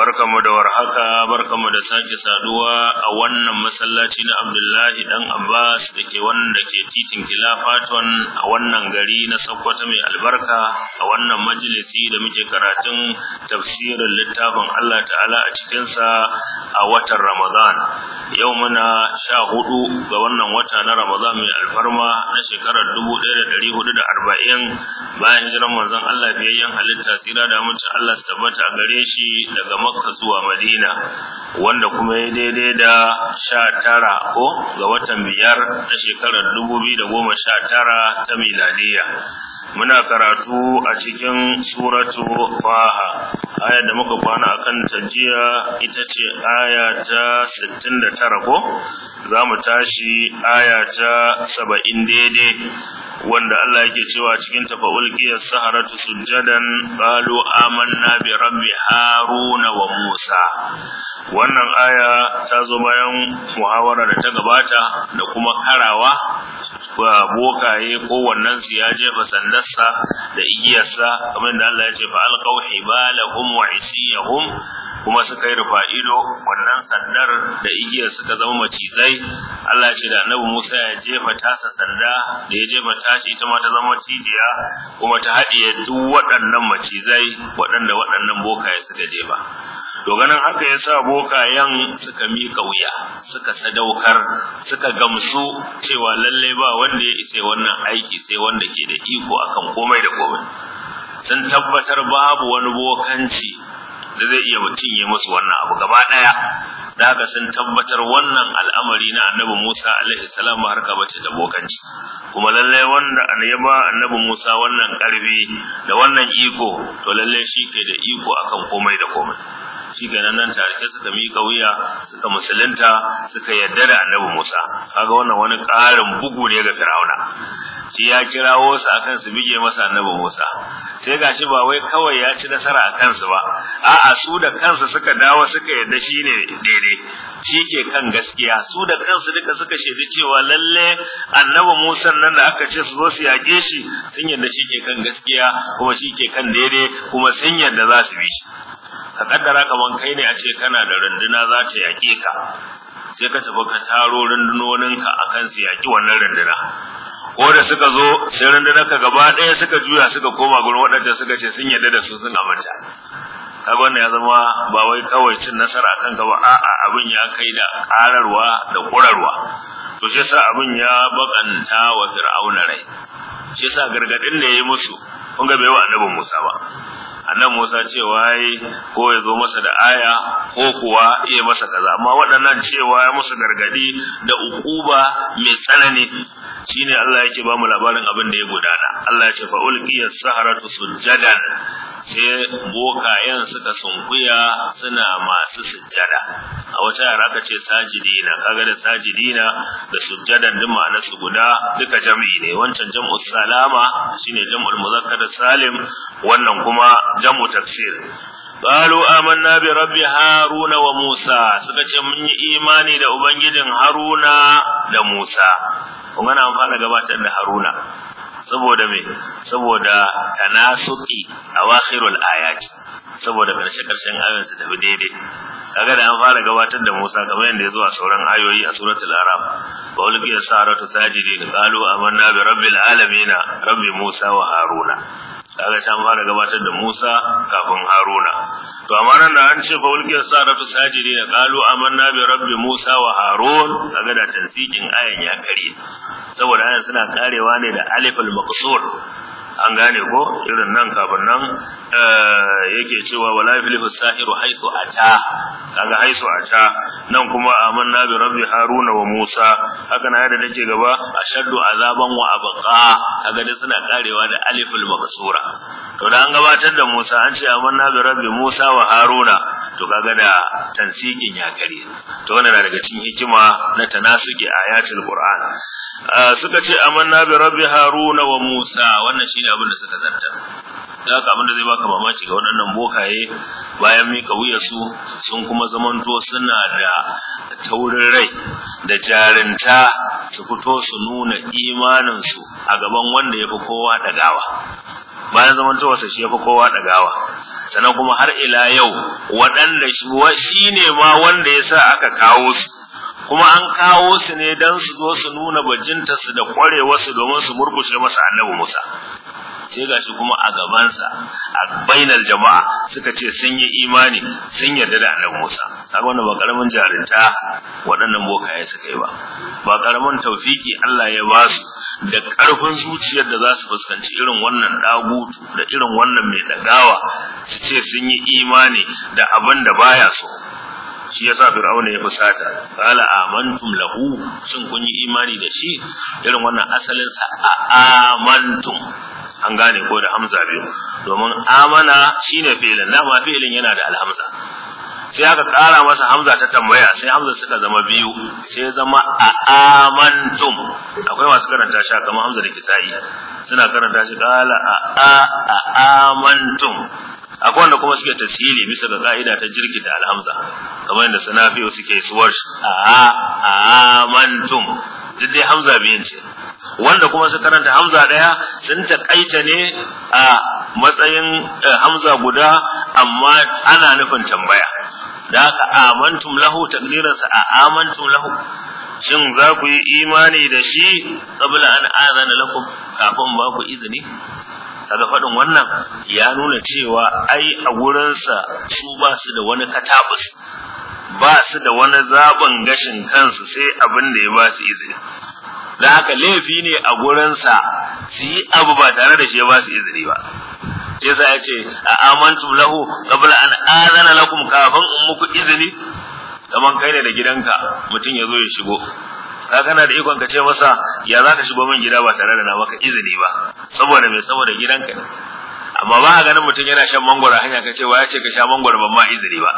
barkamu da warhaka barkamu da sake saduwa a wannan masallaci na Abdullahi dan Abbas dake wannan ke titin Kilafatun a wannan gari na Sokoto mai albarka a wannan majalisi da muke karatun tafsirin littafin Allah ta'ala a cikin sa a watan Ramadan yau muna 14 ga wannan wata na Ramadan mai alfarma na shekarar 1440 bayan jiran manzon Allah biyayyen halitta tsira da mutum Allah tabbata gare shi daga makka zuwa madina wanda kuma ya daidai da sha tara ko ga watan biyar na shekarar dubu biyu da goma sha tara ta miladiya muna karatu a cikin suratu faha aya da muka kwana a akan tajiya ita ce aya ta tara ko za mu tashi aya ta saba'in daidai wanda Allah yake cewa cikin tafa'ulkiyar saharatu sujjadan Balo, amanna bi rabbi haruna wa Musa wannan aya ta zo bayan muhawara da ta gabata da kuma karawa bokaye ko wannan su ya jefa sandarsa da igiyarsa kamar da Allah ya ce fa alqaw hibalahum wa isiyahum kuma suka yi rufa ido wannan sandar da igiyar suka zama macizai Allah shi da annabi Musa ya jefa tasa sanda da ya jefa tashi ita ma ta zama macijiya kuma ta haɗiye duk waɗannan macizai waɗanda waɗannan bokaye suka jefa to ganin haka yasa bokayen suka mika wuya suka sadaukar suka gamsu cewa lalle ba wanda ya isa wannan aiki sai wanda ke da iko akan komai da komai sun tabbatar babu wani bokanci da zai iya mutum cinye musu wannan abu gaba daya da haka sun tabbatar wannan al'amari na annabi Musa alaihi salam harka bace da bokanci kuma lallai wanda ya ba annabi Musa wannan karfi da wannan iko to lallai shi ke da iko akan komai da komai shikenan nan tarike suka mika wuya suka musulunta suka yarda da annabi Musa kaga wannan wani ƙarin bugu ne ga Fir'auna shi ya kirawo su akan su bige masa annabi Musa sai gashi ba wai kawai ya ci nasara a kansu ba a'a su da kansu suka dawo suka yarda shine daidai shi ke kan gaskiya su da kansu duka suka shaidi cewa lalle annabi Musa nan da aka ce su zo su yaƙe shi sun yadda shi ke kan gaskiya kuma shi ke kan daidai kuma sun yadda za su bi shi ka kaddara kaman kai ne a ce kana da runduna za ta yake ka sai ka tafi ka taro rundunoninka kan su yaƙi wannan runduna Koda suka zo sai rundunarka gaba ɗaya suka juya suka koma gurin waɗanda suka ce sun yarda da su sun aminta kaga wannan ya zama ba wai kawai cin nasara kan gaba a abin ya kai da ƙararwa da ƙurarwa, to shi yasa abin ya bakanta wa fir'auna rai shi yasa gargadin da yayi musu kun ga bai wa annabi Musa ba annabi Musa cewa wai ko ya zo masa da aya ko kuwa iya masa kaza amma waɗannan cewa ya musu gargadi da ukuba mai tsanani shine Allah yake ba mu labarin abin da ya gudana Allah ya ce fa ulqiya saharatu sujadan sai bokayen suka sunkuya suna masu sujjada a wata yara ka ce sajidina kaga da sajidina da sujjada din su guda duka jam'i ne wancan jam'u salama shine jam'ul muzakkar salim wannan kuma jam'u tafsir قالوا آمنا برب هارون Musa suka ce mun yi imani da ubangijin Haruna da Musa kuma na amfana gabatar da Haruna saboda me saboda tanasuki awakhirul ayat saboda karshe karshen ayoyin su tafi daidai kaga da an fara gabatar da Musa kamar yadda ya zo a sauran ayoyi a suratul Araf wa ulqiya saratu sajidin qalu amanna bi rabbil alamin rabbi Musa wa Haruna kaga ta fara gabatar da Musa kafin Haruna to amma nan da an ce fa ulqiyas saratu sajidi da qalu amanna bi rabbi Musa wa Harun kaga da tansikin ayan ya kare saboda ayan suna karewa ne da alif al maqsur an gane ko irin nan kafin nan eh, yake cewa wala yuflihu sahiru haythu ata kaga haythu ata nan kuma amanna bi rabbi haruna wa musa haka na yadda nake gaba ashaddu azaban wa abqa kaga dai suna karewa da aliful maksura to da an gabatar da musa an ce amanna bi rabbi musa wa haruna to kaga da tansikin ya kare to wannan daga cikin hikima na tanasuki ayatul qurana suka ce amanna bi rabbi haruna wa musa wannan shine abin da suka zanta da ka abin da zai baka mamaci ga waɗannan bokaye bayan mika su sun kuma zamanto suna da taurin rai da jarinta su fito su nuna imaninsu a gaban wanda ya fi kowa ɗagawa bayan zamantowarsa shi ya fi kowa ɗagawa sannan kuma har ila yau waɗanda shi ne ma wanda ya sa aka kawo su kuma an kawo su ne don su zo su nuna su, da ƙwarewarsu domin su murkushe masa annabi musa sai ga shi kuma a gabansa a bainar jama'a suka ce sun yi imani sun yarda da annabi Musa har wanda ba karamin jarinta waɗannan bokaye suka yi ba ba karamin tawfiki Allah ya ba su da ƙarfin zuciyar da za su fuskanci irin wannan ɗagutu da irin wannan mai ɗagawa su ce sun yi imani da abin da baya so shi ya sa fir'auna ya fusata kala amantum lahu shin kun yi imani da shi irin wannan asalin sa amantum an gane ko da hamza biyu domin amana shine na dama filin yana da alhamza sai aka kara masa hamza ta tambaya sai hamza suka zama biyu sai zama a amantum akwai masu karanta shi kamar hamza da kisa'i suna karanta shi kala a a a amantum akwai wanda kuma suke tafsiri bisa ga ka'ida ta jirkita alhamza kamar yadda sanafiyo suke suwar a a amantum duk dai hamza biyan ce wanda kuma su karanta hamza daya sun takaita ne a matsayin eh, hamza guda amma ana nufin tambaya da ka amantum lahu takdiransa a amantum lahu shin za ku yi imani da shi qabla an azana lakum kafin ba ku izini kaga faɗin wannan ya nuna cewa ai a gurinsa su ba su da wani katabus ba su da wani zaɓin gashin kansu sai abin da ya ba su izini da haka laifi ne a gurinsa su yi abu ba tare da shi ya ba su izini ba sai ya ce a amantu lahu qabla an azana lakum kafin in muku izini kaman kai ne da gidanka mutum ya zo ya shigo ka kana da ikon ka ce masa ya za ka shigo min gida ba tare da na maka izini ba saboda me saboda gidanka ne amma ba a ganin mutum yana shan mangwaro hanya ka ce wa ya ce ka sha mangwaro ban ma izini ba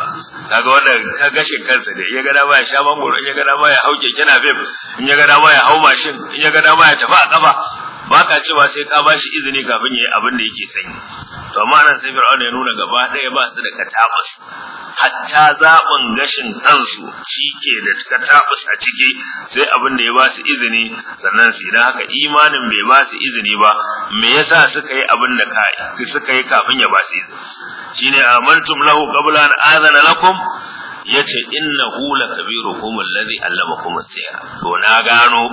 kaga wanda ka gashi kansa ne ya ga dama ya sha mangwaro in ya ga dama ya hauke kina na in ya ga dama ya hau mashin in ya ga dama ya tafi a kafa ba ka cewa sai ka bashi izini kafin yayi abin da yake sanyi to amma nan sai fir'auna ya nuna gaba ɗaya ba su da katabus hatta zaɓin gashin kansu shi da katabus a ciki sai abin da ya ba su izini sannan su idan haka imanin bai ba su izini ba me yasa suka yi abin da suka yi kafin ya ba su izini shine amantum lahu qabla an azana lakum yace innahu lakabirukum alladhi allamakum as-sihra to na gano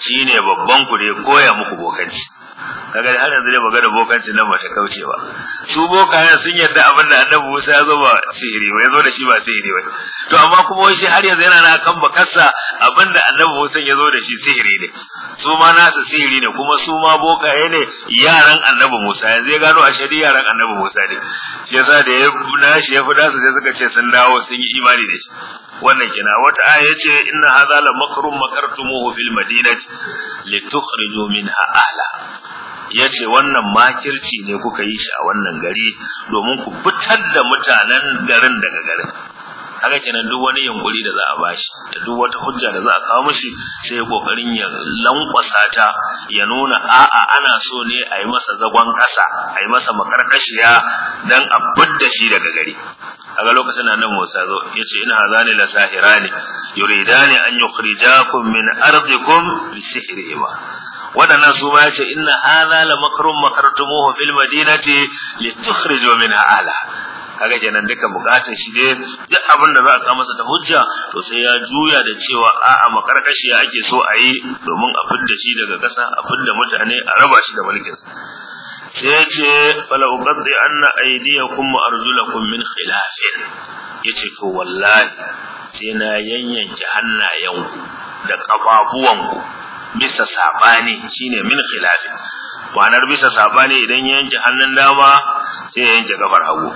shine babban ku ne koya muku bokanci kaga har yanzu dai magana bokanci nan ba ta kauce ba su bokayen sun yarda abin da annabi Musa ya zo ba sihiri ba ya zo da shi ba sihiri ba to amma kuma wai shi har yanzu yana na kan bakarsa abin da annabi Musa ya zo da shi sihiri ne su ma nasu sihiri ne kuma su ma bokaye ne yaran annabi Musa yanzu ya gano a shari'a yaran annabi Musa ne shi yasa da ya nashi ya fi su sai suka ce sun dawo sun yi imani da shi wannan kina wata aya yace inna hadha la makrun makartumuhu fil madinati litukhriju minha ahla yace wannan makirci ne kuka yi shi a wannan gari domin ku fitar da mutanen garin daga garin kaga kenan duk wani yunkuri da za a bashi da duk wata hujja da za a kawo mishi sai ya kokarin ya lankwasa ta ya nuna a'a ana so ne a yi masa zagon ƙasa a yi masa makarkashiya dan a budda shi daga gari kaga lokacin nan Musa zo ce ina hazani la sahirani yuridani an yukhrijakum min ardikum bi sihrihima wadannan su ma yace inna hadha la makrun makartumuhu fil madinati litukhriju minha ala kaga kenan duka bukatun shi ne duk abin da za a kawo masa ta hujja to sai ya juya da cewa a'a makarkashiya ake so a yi domin a fidda shi daga ƙasa a fidda mutane a raba shi da mulkinsa sai ya ce fala uqaddi anna aydiyakum wa arjulakum min khilafin yace to wallahi sai na yanyanke hannayenku da ku. bisa sabani shine min khilafin ma'anar bisa sabani idan yanke hannun dama sai yanke gabar hagu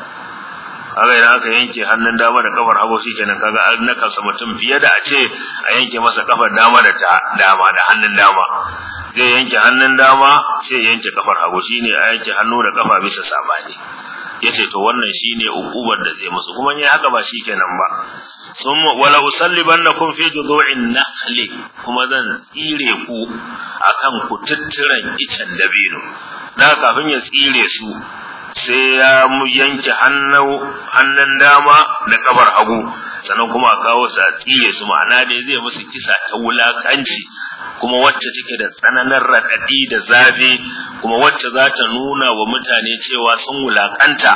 kaga idan aka yanke hannun dama da kafar hagu kenan kaga an nakasa mutum fiye da a ce a yanke masa kafar dama da dama da hannun dama zai yanke hannun dama sai yanke kafar hagu Shi ne a yanke hannu da kafa bisa sabani yace to wannan shine ukubar da zai musu kuma in haka ba kenan ba sun wala usallibannakum fi judu'in nakhli kuma zan tsire ku akan kututturan icen dabino Na kafin ya tsire su sai ya yanke hannun dama da kabar hagu sannan kuma kawo sa tsire su ma'ana da zai musu kisa ta wulakanci kuma wacce take da tsananan raɗaɗi da zafi kuma wacce za ta nuna wa mutane cewa sun wulakanta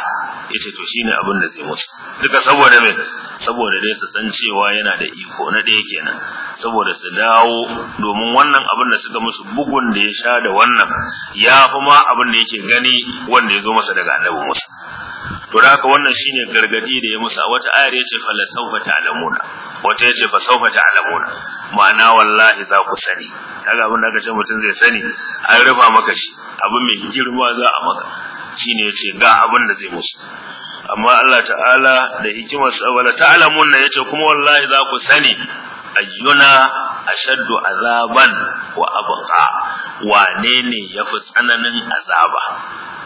ya to shine abin da zai musu duka saboda me saboda dai su san cewa yana da iko na ɗaya kenan saboda su dawo domin wannan abin da suka musu bugun da ya sha da wannan ya fi ma abin da yake gani wanda ya zo masa daga annabi musa to da haka wannan shine gargadi da ya musa wata ayar yace fala sawfa ta'lamuna wata yace fa sawfa ta'lamuna ma'ana wallahi za ku sani kaga abin da aka ce mutum zai sani an rufa maka shi abin mai girma za a maka shine yace ga abin da zai musu amma Allah ta'ala da hikimar sa wala ta'lamuna yace kuma wallahi za ku sani ayyuna ashaddu azaban wa abqa wane ne yafi tsananin azaba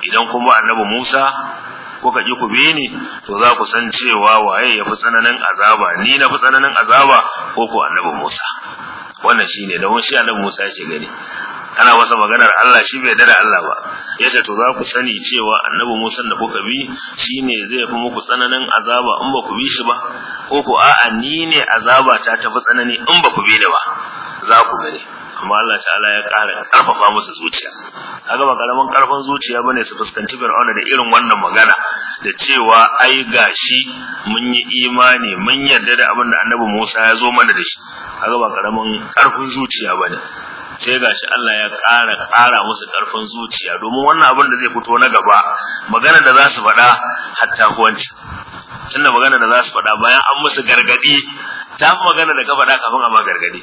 idan kuma annabi Musa kuka ji ku bini to za ku san cewa waye yafi fi tsananin azaba ni na fi tsananin azaba ko ku annabi Musa wannan shine da shi annabi Musa ya ce gani ana wasa maganar Allah shi bai dada Allah ba yace to za ku sani cewa annabi Musa da kuka bi shine zai fi muku tsananin azaba in ba ku bi shi ba ko ku a'a ni ne azaba ta tafi tsanani in ba ku bi ni ba za ku gani kuma Allah ta'ala ya ƙara karfafa musu zuciya kaga ba karaman karfin zuciya bane su fuskanci Fir'auna da irin wannan magana da cewa ai gashi mun yi imani mun yarda da abin da Annabi Musa ya zo mana da shi kaga ba karaman karfin zuciya bane sai gashi Allah ya ƙara ƙara musu ƙarfin zuciya domin wannan abin da zai fito na gaba magana da za su faɗa hatta kuwanci tunda magana da za su faɗa bayan an musu gargaɗi ta fi magana da ka faɗa kafin a ma gargaɗi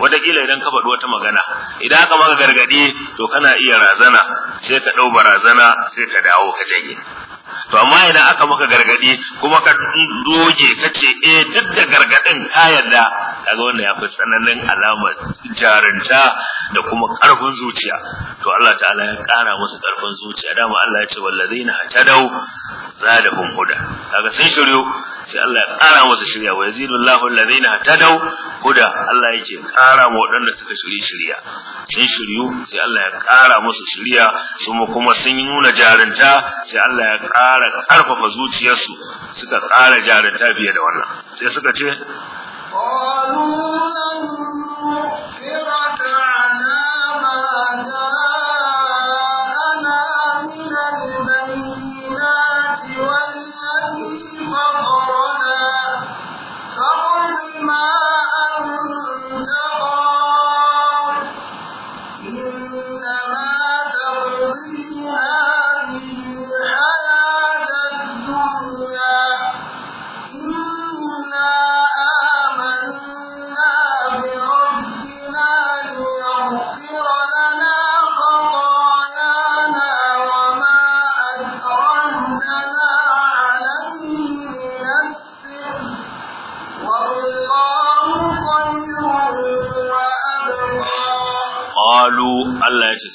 wataƙila idan ka faɗi wata magana idan aka maka gargadi to kana iya razana sai ka ɗau barazana sai ka dawo ka janye to amma idan aka maka gargadi kuma ka doge kace eh duk da gargadin ka yarda kaga wanda ya fi tsananin alamar jarinta da kuma karfin zuciya to Allah ta'ala ya kara musu karfin zuciya dama Allah ya ce wallazina hatadaw zadahum huda kaga sun shiryo sai Allah ya kara musu shirya wa yazidullahu allazina hatadau huda Allah ya ce kara mu waɗanda suka shiri shirya sun shiryu sai Allah ya kara musu shirya su kuma sun nuna jarinta sai Allah ya kara ƙara ƙarfafa zuciyarsu suka ƙara jarinta fiye da wannan sai suka ce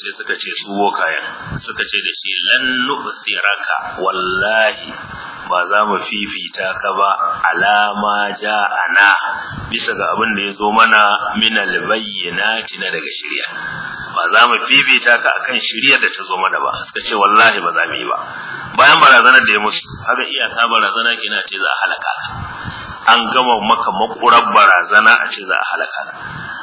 sai suka ce su bokayen suka ce da shi lan nuhsiraka wallahi ba za mu fifita ka ba alama ja'ana bisa ga abin da ya zo mana minal bayyinati na daga shirya ba za mu fifita ka akan shirya da ta zo mana ba suka ce wallahi ba za mu yi ba bayan barazanar da ya musu haka iyaka barazana kina ce za a halaka ka an gama maka makurar barazana a ce za a halaka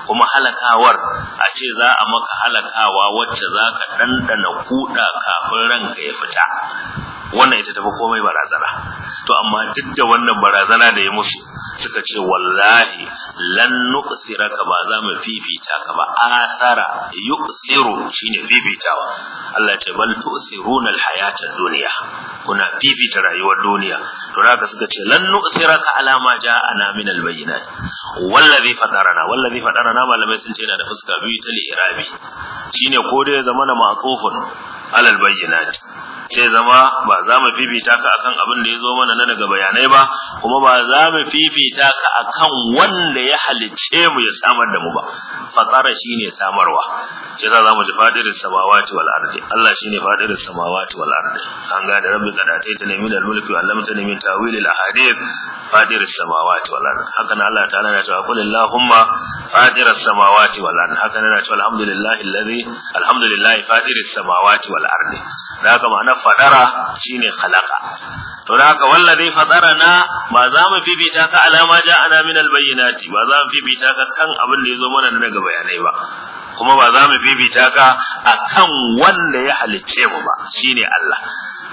kuma halakawar a ce za a maka halakawa wacce za ka ɗanɗana kuɗa kafin ranka ya fita wannan ita tafi komai barazana to amma duk da wannan barazana da ya musu suka ce wallahi lan nuqsiraka ba za mu fifita ka ba asara yuqsiru shine fifitawa Allah ya ce bal tu'siruna alhayata dunya kuna fifita rayuwar duniya to haka suka ce lan nuqsiraka ala ma ja'ana min albayinat wallazi fatarana wallazi fatarana malamai sun ce yana da fuska biyu ta lirabi shine ko dai zamana ma'tufun alal bayyinat sai zama ba za mu fifita ka akan abin da ya zo mana na daga bayanai ba kuma ba za mu fifita ka akan wanda ya halicce mu ya samar da mu ba fatara shine samarwa sai za mu ji fadirin samawati wal ardi Allah shine fadirin samawati wal ardi an ga da rabbi kadatai ta nemi da mulki wa Allah ta nemi tawilil ahadith fadirin samawati wal ardi haka nan Allah ta'ala ya ce qul allahumma fadiris samawati wal ardi haka nan ya ce alhamdulillahi alladhi alhamdulillahi fadiris samawati wal ardi da haka ma'ana fadara shine khalaqa to da haka wallazi fadarana ba za mu fifita ka alama ana min albayyinati ba za mu fifita ka kan abin da yazo mana daga bayanai ba kuma ba za mu fifita ka akan wanda ya halice mu ba shine Allah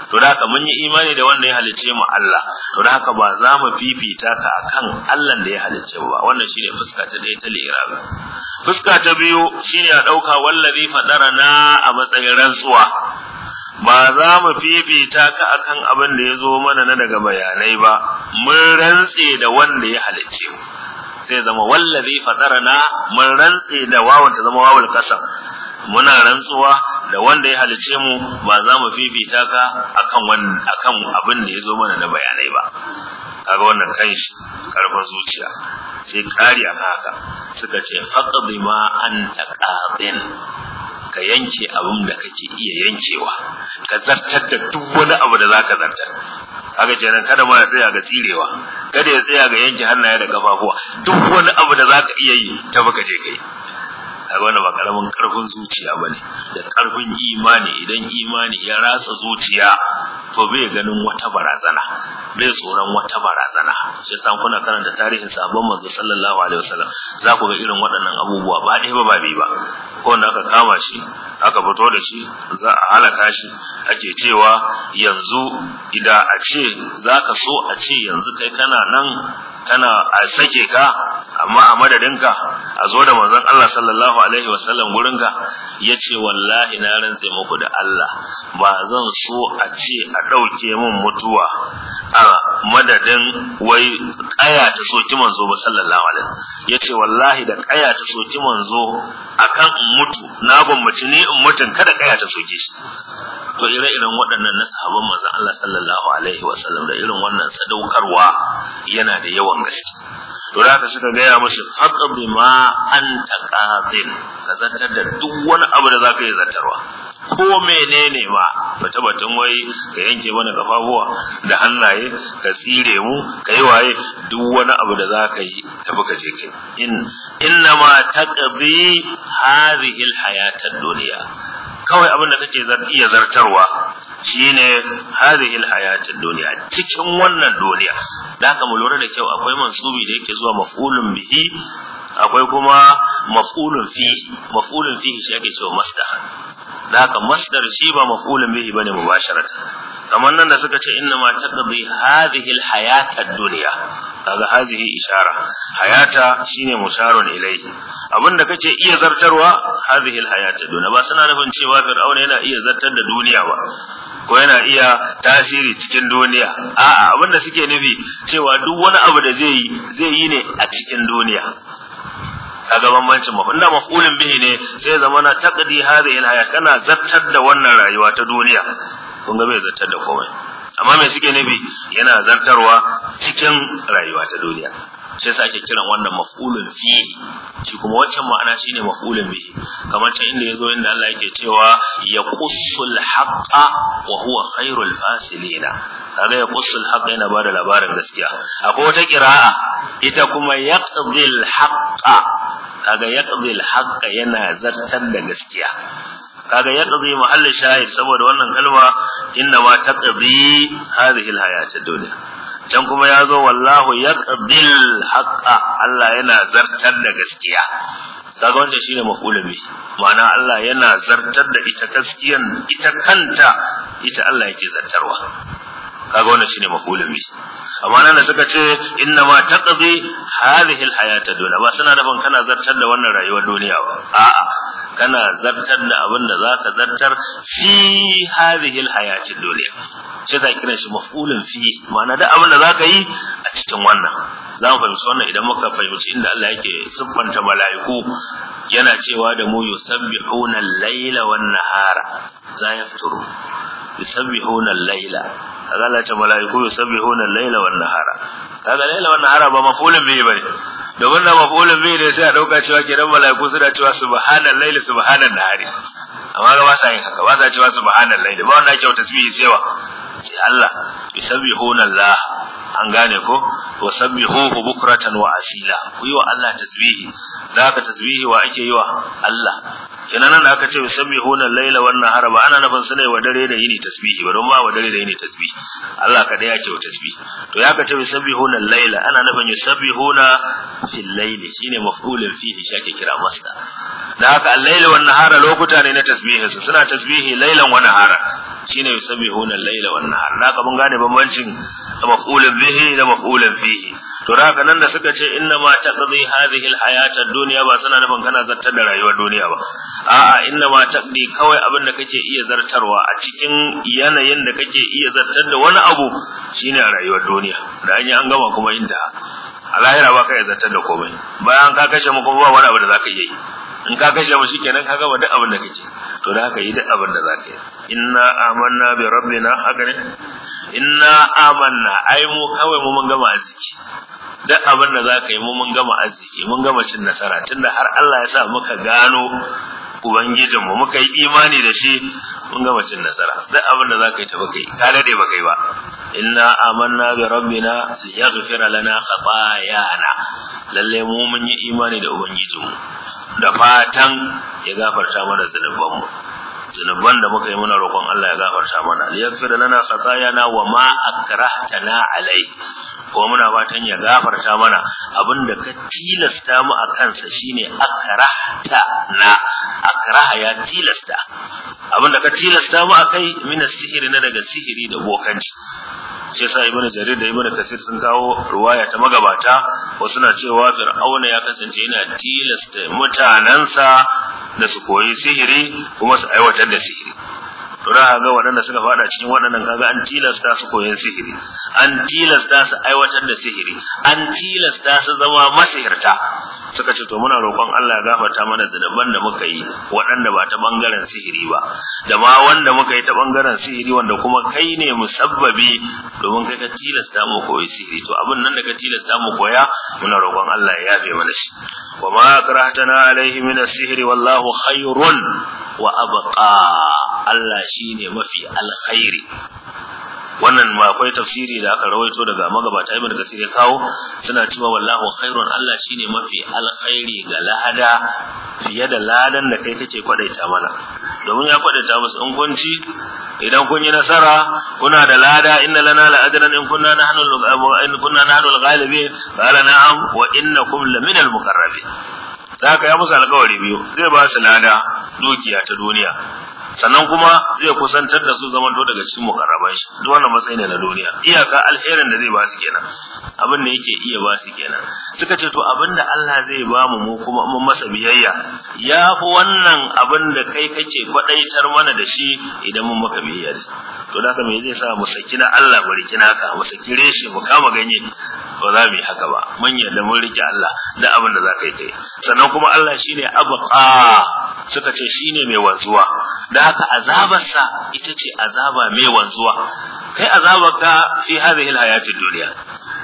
to da haka mun yi imani da wanda ya halice mu Allah to da haka ba za mu fifita ka akan Allah da ya halice mu ba wannan shine fuska ta da ta lirabi fuska ta biyu shine a dauka wallazi fadarana a matsayin rantsuwa ba za mu fifita ka akan abin da ya zo mana na daga bayanai ba mun rantse da wanda ya halicce mu sai zama wallazi fatarana mun rantse da wawan ta zama wawul kasam muna rantsuwa da wanda ya halice mu ba za mu fifita ka akan akan abin da ya zo mana na bayanai ba kaga wannan kanshi karfin zuciya sai kariya haka suka ce faqdi ma anta qadin ka yanke abin da kake iya yankewa ka zartar da duk wani abu da zaka zartar kaga kenan kada ma ya tsaya ga tsirewa kada ya tsaya ga yanke hannaye da kafafuwa duk wani abu da zaka iya yi ta ka je kai kaga wannan ba karamin karfin zuciya bane da karfin imani idan imani ya ratsa zuciya to bai ganin wata barazana bai tsoron wata barazana sai san kuna karanta tarihin sabon manzo sallallahu alaihi wasallam za ku ga irin waɗannan abubuwa ba ɗaya ba ba biyu ba ko wanda aka kama shi aka fito da shi za a halaka shi ake cewa yanzu idan a ce za ka so a ce yanzu kai kana nan kana a sake ka amma a madadinka a zo da manzon Allah sallallahu alaihi wasallam gurinka yace wallahi na rantse muku da Allah ba zan so a ce a dauke min mutuwa a madadin wai kaya ta soki manzo ba sallallahu alaihi yace wallahi da kaya ta soki manzo akan in mutu na gwammaci ne in mutun kada kaya ta soke shi to ire-iren waɗannan na sahabban manzon Allah sallallahu alaihi wasallam da irin wannan sadaukarwa yana da yawan yawan gaske to da haka suka gaya mashi faqbi ma anta qadin ka zartar da duk wani abu da zaka yi zartarwa ko menene ma bata batun wai ka yanke mana kafafuwa da hannaye ka tsire mu ka yi waye duk wani abu da zaka yi tafi ka je kai in inna ma taqbi hadhihi alhayatad dunya kawai abin da kake iya zartarwa shine hadhihi alhayatid dunya cikin wannan duniya da ka mu lura da kyau akwai mansubi da yake zuwa maf'ulun bihi akwai kuma maf'ulun fi maf'ulun fihi shi ake cewa masdar da ka masdar shi ba maf'ulun bihi bane mubasharatan kamar nan da suka ce inna ma taqdi hadhihi alhayatad dunya kaga hazihi ishara hayata shine musharun ilai abinda kace iya zartarwa hazihi alhayata dole ba suna nufin cewa fir'auna yana iya zartar da duniya ba ko yana iya tasiri cikin duniya a'a abinda suke nufi cewa duk wani abu da zai yi zai yi ne a cikin duniya kaga bambancin mafulin inda mafulin bihi ne sai zamana taqdi hadhihi alhayata kana zartar da wannan rayuwa ta duniya kun ga bai zartar da komai amma mai suke nufi yana zartarwa cikin rayuwa ta duniya sai sa ake kiran wannan maf'ulun fi shi kuma waccan ma'ana shine maf'ulun bihi kamar ta inda yazo inda Allah yake cewa yaqussul haqqa wa huwa khairul fasilina kaga yaqussul haqqa yana da labarin gaskiya akwai wata qira'a ita kuma yaqdil haƙa, kaga yaqdil haqqa yana zartar da gaskiya kaga yaqdi mahallin shahid saboda wannan kalma inna ma taqdi hadhihi alhayat ad-dunya can kuma yazo wallahu yaqdil haqa Allah yana zartar da gaskiya kaga wannan shine maf'ulun bi ma'ana Allah yana zartar da ita gaskiyan ita kanta ita Allah yake zartarwa kaga wannan shine maf'ulun bi amma nan da suka ce inna ma taqdi hadhihi alhayata dunya ba suna nufin kana zartar da wannan rayuwar duniya ba a'a kana zartar da abin da zaka zartar fi hadhihi alhayati dunya shi za kiran shi maf'ulin fi ma'ana da abin da ka yi a cikin wannan za mu fahimci wannan idan muka fahimci inda Allah yake siffanta mala'iku yana cewa da mu yusabbihuna al-laila wan nahara la yafturu yusabbihuna al-laila kaga Allah ya ce mala'iku yusabbihuna al-laila wan nahara kaga laila wan nahara ba mafulun bihi bane domin na mafulun bihi ne sai a dauka cewa kiran mala'iku suna cewa subhanal laili subhanan nahari amma ga ba sa yin haka ba cewa subhanal laili ba wanda ake tasbihi sai wa sai Allah yusabbihuna Allah an gane ko wasabbihuhu bukratan wa asila ku yi wa Allah tasbihi da aka tasbihi wa ake yi wa Allah kenan nan aka ce yusabbihuna al-laila wan nahara ba ana nafin sunai wa dare da yini tasbihi ba don ba wa dare da yini tasbihi Allah kadai yake wa tasbihi to ya ka ce yusabbihuna al-laila ana nafin yusabbihuna fil laili shine maf'ulun fihi shake kira masta da aka al-laila wan nahara lokuta ne na tasbihi su suna tasbihi lailan wa nahara shine yusabbihuna al-laila wan nahara da ka mun gane bambancin maf'ulun bihi da maf'ulan fihi to haka nan da suka ce inna ma taqdi hadhihi alhayata ad-dunya ba suna nufin kana zartar da rayuwar duniya ba a inna ma taqdi kawai abin da kake iya zartarwa a cikin yanayin da kake iya zartar da wani abu shine rayuwar duniya da an yi an gama kuma inda alahira ba ka zartar da komai bayan ka kashe mu kuma ba wani abu da zaka iya yi in ka kashe mu shikenan ka gama duk abin da kake to da haka yi duk abin da zaka yi inna amanna bi rabbina haka inna amanna ai mu kawai mu mun gama arziki duk abin da zaka yi mu mun gama arziki mun gama cin nasara tunda har Allah ya sa muka gano ubangijin mu muka yi imani da shi mun gama cin nasara duk abin da zaka yi ta baka yi ka dade baka yi ba inna amanna bi rabbina yaghfir lana khatayana lalle mu mun yi imani da ubangijin mu da fatan ya gafarta mana zunubanmu zunuban da muka yi muna roƙon Allah ya gafarta mana liyaghfir lana khatayana wa ma akrahtana alai ko muna fatan ya gafarta mana abinda ka tilasta mu a kansa shine akrahta na akraha ya tilasta abinda ka tilasta mu akai min sihiri na daga sihiri da bokanci yasa ibnu jarir da ibnu kasir sun kawo ruwaya ta magabata wasu suna cewa fir'auna ya kasance yana tilasta mutanansa da su koyi sihiri kuma su aiwatar da sihiri to za ga waɗanda suka faɗa cikin waɗannan kaga an tilasta su koyan sihiri an tilasta su aiwatar da sihiri an tilasta su zama masihirta suka ce to muna roƙon Allah gafarta mana zinuban da muka yi waɗanda ba ta bangaren sihiri ba da ma wanda muka yi ta bangaren sihiri wanda kuma kai ne musabbabi domin kai ka tilasta mu koyi sihiri to abin nan da ka tilasta mu koya muna roƙon Allah ya yafe mana shi wa ma karahtana alaihi min as-sihri wallahu khairun wa abqa Allah shi ne mafi alkhairi wannan ma akwai tafsiri da aka rawaito daga magabata ibn kasir ya kawo suna cewa wallahu khairun Allah shine mafi alkhairi ga lahada fiye da ladan da kai kake kwadaita mana domin ya kwadaita musu in kunci idan kun yi nasara kuna da lada inna lana la ajran in kunna nahnu in kunna nahnu al-ghalibin qala na'am wa innakum lamin al-muqarrabin saka ya musu alƙawari biyu zai ba su lada dukiya ta duniya sannan kuma zai kusantar da su zaman to daga cikin mukarraban shi duk wannan matsayi ne na duniya iyaka alherin da zai ba su kenan abin da yake iya ba su kenan suka ce to abin da Allah zai ba mu mu kuma mun masa biyayya ya fi wannan abin da kai kake kwadaitar mana da shi idan mun maka biyayya to da me zai sa mu saki na Allah bari kina ka mu saki reshe mu kama ganye ba za mu yi haka ba mun yarda mun rike Allah da abin da za ka yi kai sannan kuma Allah shine abqa suka ce shine mai wanzuwa da haka sa ita ce azaba mai wanzuwa kai ka fi hadhihi alhayati dunya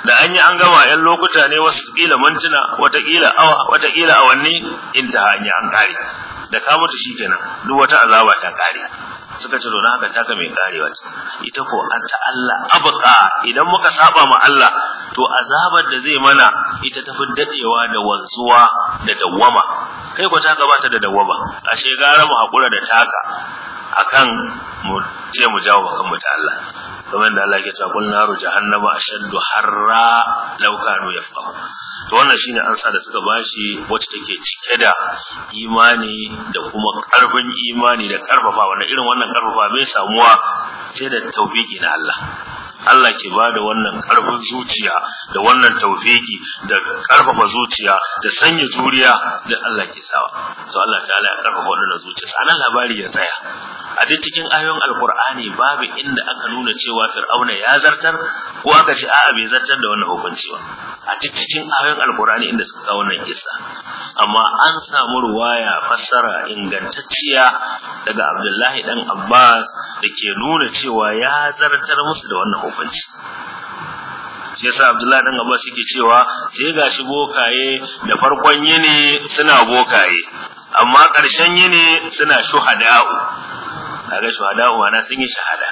da an yi an gama yan lokuta ne wasu kila mintuna wata kila awa wata kila awanni in ta yi an kare da ka mutu shikenan duk wata azaba ta kare suka ce don haka taka mai karewa ce ita ko an ta Allah abqa idan muka saba ma Allah to azabar da zai mana ita ta fi dadewa da wanzuwa da dawwama kai ko ta ba ta da dawwama ashe gara mu hakura da taka akan mu ce mu jawo kan mu ta Allah kamar da Allah ke cewa kullu naru jahannama ashaddu harra law kanu yafqahu to wannan shine ansa da suka bashi wacce take cike da imani da kuma karfin imani da karfafa wannan irin wannan karfafa bai samuwa sai da tawfiki na Allah Allah ke ba da wannan karfin zuciya da wannan tawfiki da karfafa zuciya da sanya juriya da Allah ke sawa to Allah ta'ala ya karfafa wannan zuciya sanan labari ya tsaya a duk cikin ayoyin alkur'ani babu inda aka nuna cewa fir'auna ya zartar ko aka ce a'a bai zartar da wannan hukunci ba a duk cikin ayoyin alkur'ani inda suka kawo wannan kissa amma an samu ruwaya fassara ingantacciya daga abdullahi dan abbas da ke nuna cewa ya zartar musu da wannan hukunci shi yasa Abdullahi dan Abbas yake cewa sai gashi bokaye da farkon yini suna bokaye amma ƙarshen yini suna shuhada'u kaga shuhada na sun yi shahada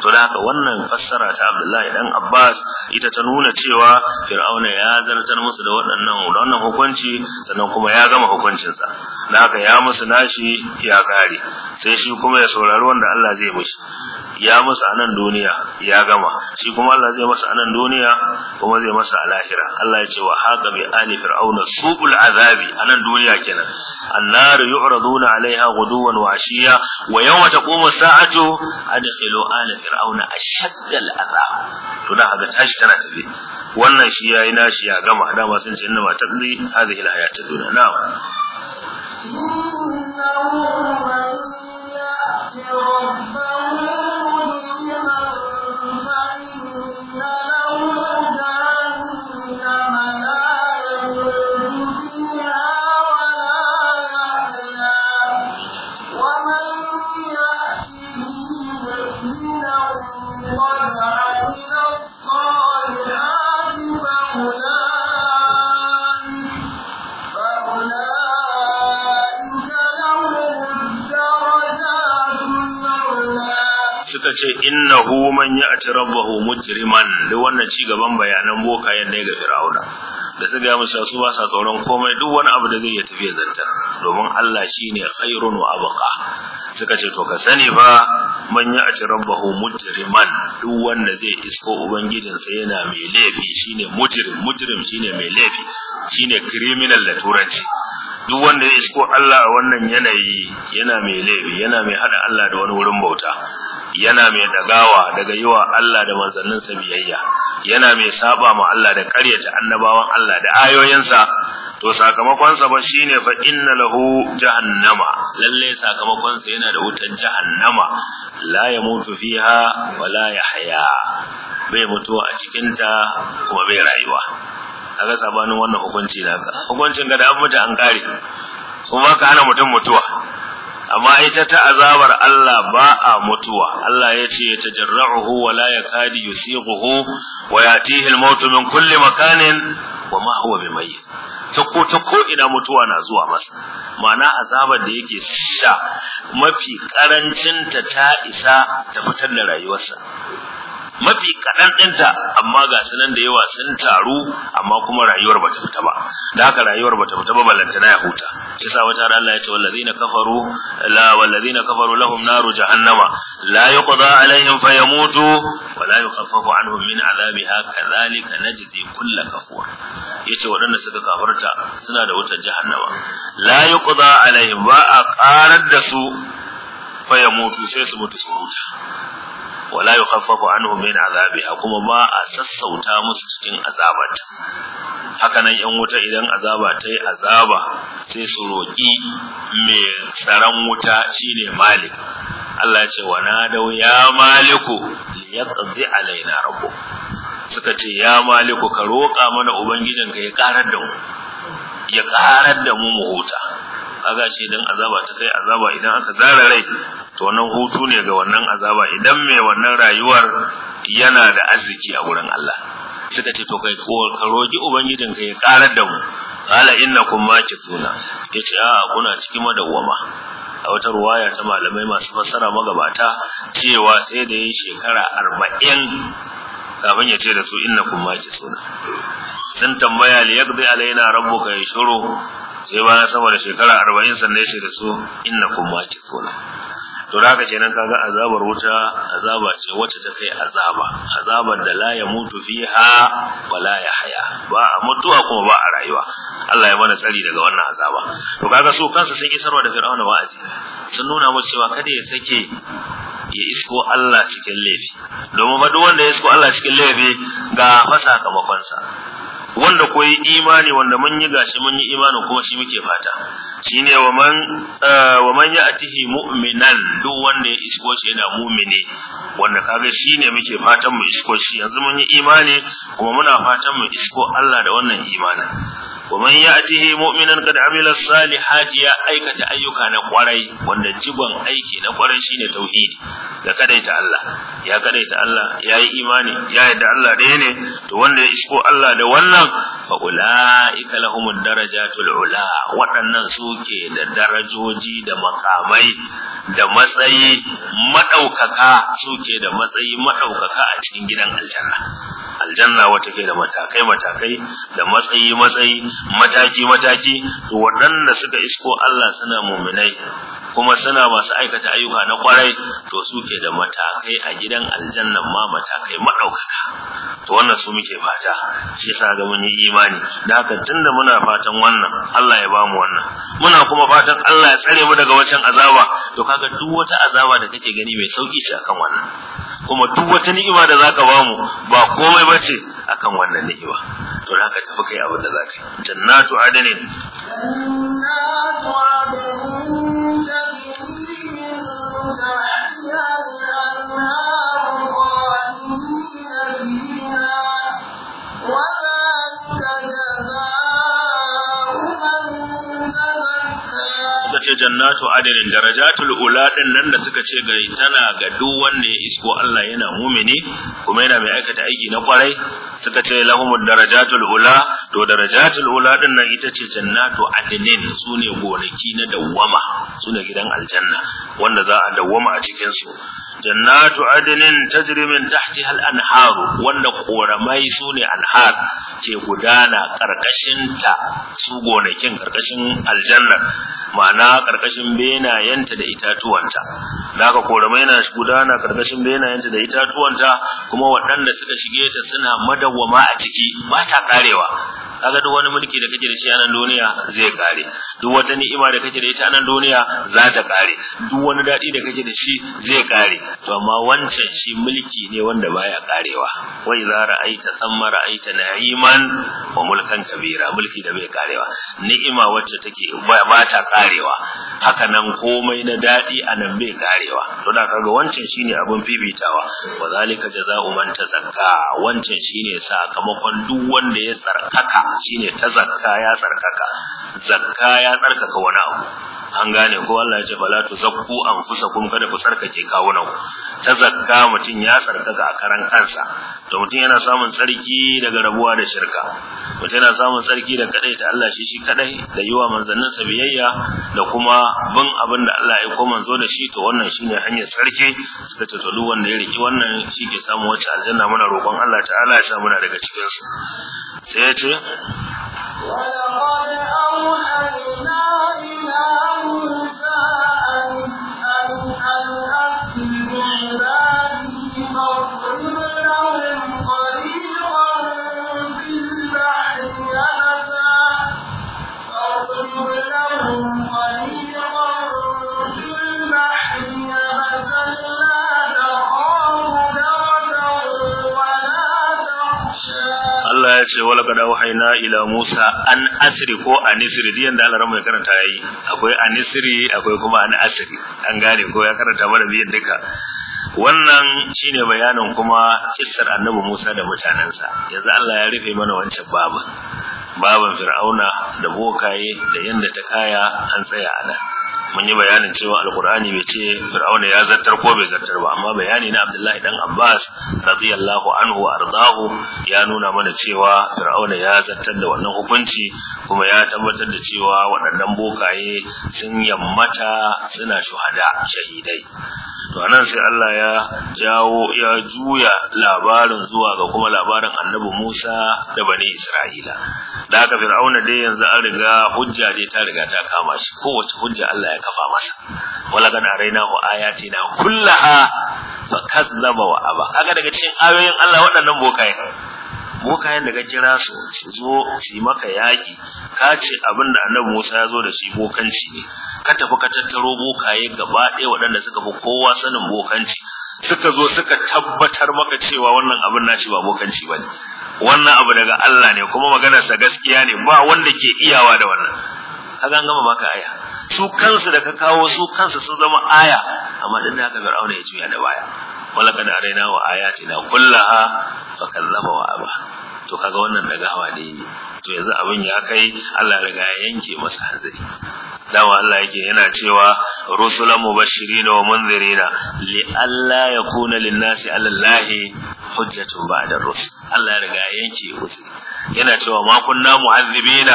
to da haka wannan fassara ta Abdullahi dan Abbas ita ta nuna cewa Fir'auna ya zartar musu da waɗannan wannan hukunci sannan kuma ya gama hukuncinsa da haka ya musu nashi ya kare sai shi kuma ya saurari wanda Allah zai mishi ya musu a nan duniya ya gama shi kuma Allah zai masa a nan duniya kuma zai masa a lahira Allah ya ce wa haka bi ali fir'auna subul azabi a nan duniya kenan annar yu'raduna alaiha ghuduwan wa ashiya wa yawma taqumu sa'atu adkhilu Ali fir'auna ashadda al'azab to da haka tashi tana tafi wannan shi yayi nashi ya gama dama sun ce inna ma tadli hadhihi al-hayatu dunya na'am innahu man ya'ti rabbahu mujriman duk wannan ci gaban bayanan boka yadda ga Fir'auna da su ga musu su ba sa tsoron komai duk wani abu da zai ya tafi zanta domin Allah shine khairun wa abqa suka ce to ka sani fa man ya'ti rabbahu mujriman duk wanda zai isko sa yana mai laifi shine mujrim mujrim shine mai laifi shine criminal da turanci duk wanda ya isko Allah a wannan yanayi yana mai laifi yana mai hada Allah da wani wurin bauta yana mai dagawa daga yiwa Allah da manzanninsa biyayya yana mai saba ma Allah da ƙaryata annabawan Allah da ayoyinsa to sakamakonsa ba shine fa inna lahu jahannama lalle sakamakonsa yana da wutar jahannama la yamutu fiha wa la yahya bai mutuwa a cikinta kuma bai rayuwa kaga sabanin wannan hukunci naka hukuncin ga da an mutu an kare kuma ka hana mutum mutuwa amma ita ta azabar Allah ba a mutuwa Allah ya ce ta tajarra'uhu wa la yakadi yusighuhu wa yatihi al-maut min kulli makanin wa ma huwa bimayyit ta ko ta ina mutuwa na zuwa masa ma'ana azabar da yake sha mafi karancin ta ta isa ta fitar da rayuwarsa mafi kaɗan ɗinta amma ga su da yawa sun taru amma kuma rayuwar bata fita ba da haka rayuwar bata fita ba ballanta na ya huta shi sa wata Allah ya ce wallazina kafaru la wallazina kafaru lahum naru jahannama la yuqda alaihim fayamutu wa la yukhaffafu anhum min azabiha kadhalika najzi kull kafur yace waɗanda suka kafarta suna da wutar jahannama la yuqda alaihim ba a da su fayamutu sai su mutu su huta wala yukhaffafu anhum min azabiha kuma ba a sassauta musu cikin azabata haka nan yan wuta idan azaba ta azaba sai su roki mai tsaron wuta shine malik Allah ya ce wa nadau ya maliku liyaqdi alaina rabbu suka ce ya maliku ka roka mana ubangijinka ya karar da mu ya karar da mu mu huta kaga shi dan azaba ta kai azaba idan aka zara rai to wannan hutu ne ga wannan azaba idan mai wannan rayuwar yana da arziki a wurin Allah suka ce to kai ko ka roki ubangijin ka ya karar da mu qala innakum makithuna yace a kuna cikin madawama a wata ruwaya ta malamai masu fassara magabata cewa sai da yin shekara arba'in kafin ya ce da su innakum makithuna sun tambaya li yaqdi alaina rabbuka yashuru sai bayan sama da shekara arba'in sannan ya da su innakum makithuna to da kenan kaga azabar wuta azaba ce wacce ta kai azaba azabar da la yamutu fiha wa la yahya ba a mutuwa kuma ba a rayuwa Allah ya mana tsari daga wannan azaba to kaga su kansu sun isarwa da fir'auna wa'azi sun nuna mu cewa kada ya sake ya isko Allah cikin laifi domin ba duk wanda ya isko Allah cikin laifi ga fasa kamakonsa wanda koyi imani wanda mun yi gashi mun yi imani kuma shi muke fata shine waman eh, waman ya'tihi mu'minan duk wanda ya isko shi yana mu'mini wanda kaga shine muke fatan mu isko shi yanzu mun yi imani kuma muna fatan mu isko Allah da wannan imanin waman ya'tihi mu'minan qad amila salihati ya aikata ayyuka na kwarai wanda jiban aiki na kwarai shine tauhidi da kadaita Allah ya kadaita Allah ya yi imani ya yarda Allah ɗaya ne to wanda ya isko Allah da wannan fa ulaika lahumud darajatul ula waɗannan su suke da darajoji da makamai da matsayi madaukaka suke da matsayi maɗaukaka a cikin gidan aljanna aljanna wata ke da matakai matakai da matsayi matsayi mataki mataki to waɗanda suka isko Allah suna mu'minai kuma suna masu aikata ayyuka na kwarai to suke da matakai a gidan aljanna ma matakai maɗaukaka. to wannan su muke fata shi yasa ga mun yi imani da haka tunda muna fatan wannan Allah ya bamu wannan muna kuma fatan Allah ya tsare mu daga wancan azaba to kaga duk wata azaba da kake gani mai sauki ce akan wannan kuma duk wata ni'ima da zaka bamu ba komai bace akan wannan ni'ima to da haka tafi kai abin da zaka yi jannatu adanin jannatu adanin ce jannatu adalin darajatul ula din nan da suka ce gari tana ga duk wanda ya isko Allah yana mumini kuma yana mai aikata aiki na kwarai suka ce lahumud darajatul ula to darajatul ula din nan ita ce jannatu adalin ne gonaki na dawwama ne gidan aljanna wanda za a dawwama a cikin su jannatu adnin tajri min tahtiha al-anharu wanda koramai sune anhar ke gudana karkashin ta su gonakin karkashin aljanna ma'ana karkashin benayenta da itatuwanta daga koramai na gudana karkashin benayenta da itatuwanta kuma waɗanda suka shige ta suna madawwama a ciki ba ta karewa kaga duk wani mulki da kake da shi a nan duniya zai kare duk wata ni'ima da kake da ita a nan duniya za ta kare duk wani daɗi da kake da shi zai kare to amma wancan shi mulki ne wanda baya karewa wai za ra'aita samma ra'aita na'iman wa mulkan kabira mulki da bai karewa ni'ima wacce take ba ta karewa haka nan komai na daɗi a nan bai karewa to da kaga wancan shine abun fifitawa wa zalika jazaa'u man tazakka wancan shine sakamakon duk wanda ya sarkaka shine ta zakka ya tsarkaka zakka ya tsarkaka wani abu an gane ko Allah ya ce fala tuzakku anfusakum kada ku sarkake kawunan ta zakka mutun ya sarkaka a karan kansa to mutun yana samun sarki daga rabuwa da shirka mutun yana samun sarki da ta Allah shi shi kadai da yiwa manzannin sa biyayya da kuma bin abin da Allah ya koma manzo da shi to wannan shine hanyar sarki suka ce to wanda ya riki wannan shi ke samu wacce aljanna muna roƙon Allah ta'ala ya sa muna daga cikin su sai ya ce ولقد أوحينا إلى Allah ya ce wala qad auhayna ila Musa an asri ko an isri diyan da Allah mai karanta yayi akwai an akwai kuma an asri an gane ko ya karanta mana biyan duka wannan shine bayanin kuma kissar Annabi Musa da mutanansa yanzu Allah ya rufe mana wancan babu babu Fir'auna da bokaye da yanda ta kaya an tsaya anan mun yi bayanin cewa alkur'ani bai ce fir'auna ya zartar ko bai zartar ba amma bayani na abdullahi dan abbas radiyallahu anhu wa ardahu ya nuna mana cewa fir'auna ya zartar da wannan hukunci kuma ya tabbatar da cewa waɗannan bokaye sun yammata suna shuhada shahidai to anan sai Allah ya jawo ya juya labarin zuwa ga kuma labarin annabi Musa da bani Isra'ila da haka fir'auna dai yanzu an riga hujja dai ta riga ta kama shi kowace hujja Allah ya kafa masa wala gana rainahu ayatina kullaha fa kazzaba wa aba kaga daga cikin ayoyin Allah waɗannan bokaye bokayen da ka kira su su zo su maka yaki ka ce abin annabi Musa ya zo da shi bokanci ne ka tafi ka tattaro bokaye gaba ɗaya waɗanda suka fi kowa sanin bokanci suka zo suka tabbatar maka cewa wannan abin nashi ba bokanci bane wannan abu daga Allah ne kuma maganarsa gaskiya ne ba wanda ke iyawa da wannan kaga an gama maka aya su kansu da ka kawo su kansu sun zama aya amma din haka fir'auna ya juya da baya wala kana arena wa na kullaha fa kallaba wa aba to kaga wannan daga hawa ne to yanzu abin ya kai Allah riga ya yanke masa hanzari dawa Allah yake yana cewa rusulan mubashirin wa munzirin li alla yakuna lin-nasi 'ala allah hujjatun ba'da rusul Allah riga ya yanke musu yana cewa ma kunna mu'azzibina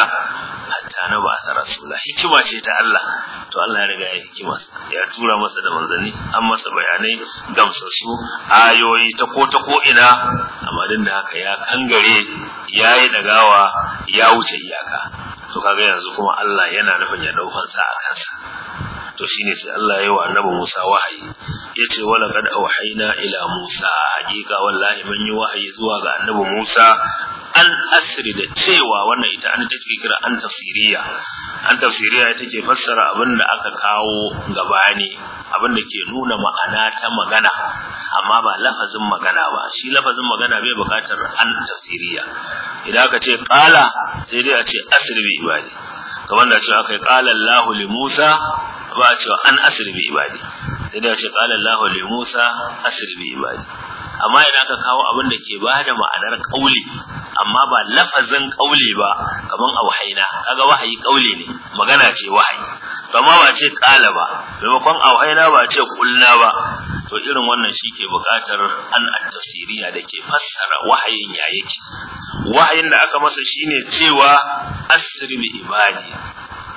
kana ba ta rasula hikima ce ta Allah to Allah ya riga ya hikima ya tura masa da manzanni an masa bayanai gamsassu ayoyi ta ko ta ko ina amma din da haka ya kangare ya yi dagawa ya wuce iyaka to kaga yanzu kuma Allah yana nufin ya daukan a kansa to shine sai Allah ya yi wa annabi Musa wahayi yace wala kad awhayna ila Musa hakika wallahi mun yi wahayi zuwa ga annabi Musa an asri da cewa wannan ita an ta ce kira an tafsiriya an tafsiriya ita ke fassara abin da aka kawo gabani abin da ke nuna ma'ana ta magana amma ba lafazin magana ba shi lafazin magana bai bukatar an tafsiriya idan aka ce qala sai dai a ce asri bi ibadi kamar da cewa kai qala Allah li Musa ba a cewa an asri bi ibadi sai dai a ce qala Allah li Musa asri bi ibadi amma idan aka kawo abin da ke ba da ma'anar kauli amma ba lafazin kauli ba kaman auhaina kaga wahayi kauli ne magana ce wahayi amma ba ce kala ba maimakon auhaina ba ce kulna ba to irin wannan shi ke buƙatar an tafsiriya da ke fassara wahayin ya yake wahayin da aka masa shine cewa asri bi ibadi